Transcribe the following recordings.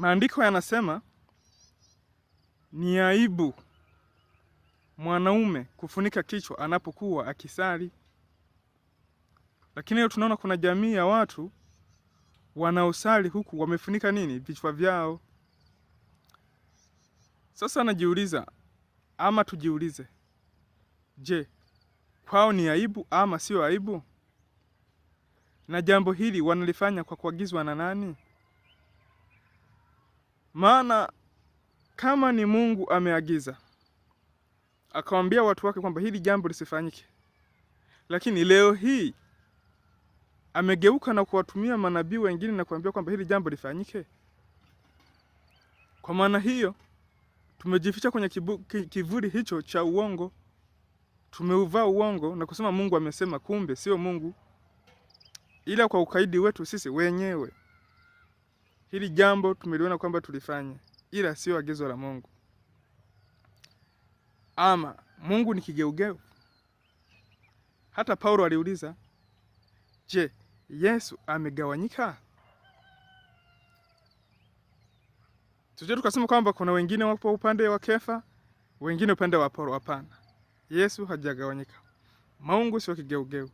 Maandiko yanasema ni aibu mwanaume kufunika kichwa anapokuwa akisali. Lakini leo tunaona kuna jamii ya watu wanaosali huku wamefunika nini? Vichwa vyao. Sasa najiuliza ama tujiulize, je, kwao ni aibu ama sio aibu? Na jambo hili wanalifanya kwa kuagizwa na nani? Maana kama ni Mungu ameagiza akawaambia watu wake kwamba hili jambo lisifanyike, lakini leo hii amegeuka na kuwatumia manabii wengine na kuambia kwamba hili jambo lifanyike. Kwa maana hiyo tumejificha kwenye kibu, kivuli hicho cha uongo, tumeuvaa uongo na kusema Mungu amesema, kumbe sio Mungu, ila kwa ukaidi wetu sisi wenyewe. Hili jambo tumeliona kwamba tulifanya, ila sio agizo la Mungu. Ama Mungu ni kigeugeu? Hata Paulo aliuliza, je, Yesu amegawanyika? Tusije tukasema kwamba kuna wengine wapo upande wa Kefa, wengine upande wa Paulo. Hapana, Yesu hajagawanyika. Mungu sio kigeugeu.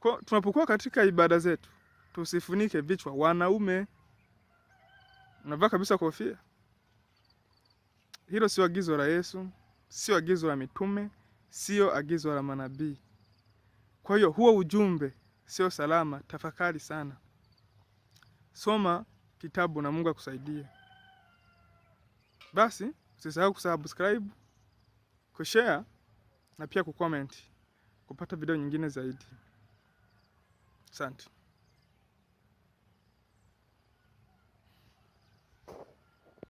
Kwa tunapokuwa katika ibada zetu, tusifunike vichwa wanaume unavaa kabisa kofia. Hilo sio agizo la Yesu, sio agizo la mitume, sio agizo la manabii. Kwa hiyo huo ujumbe sio salama. Tafakari sana, soma kitabu na Mungu akusaidie. Basi usisahau kusubscribe, kushare na pia kucomment kupata video nyingine zaidi. Asante.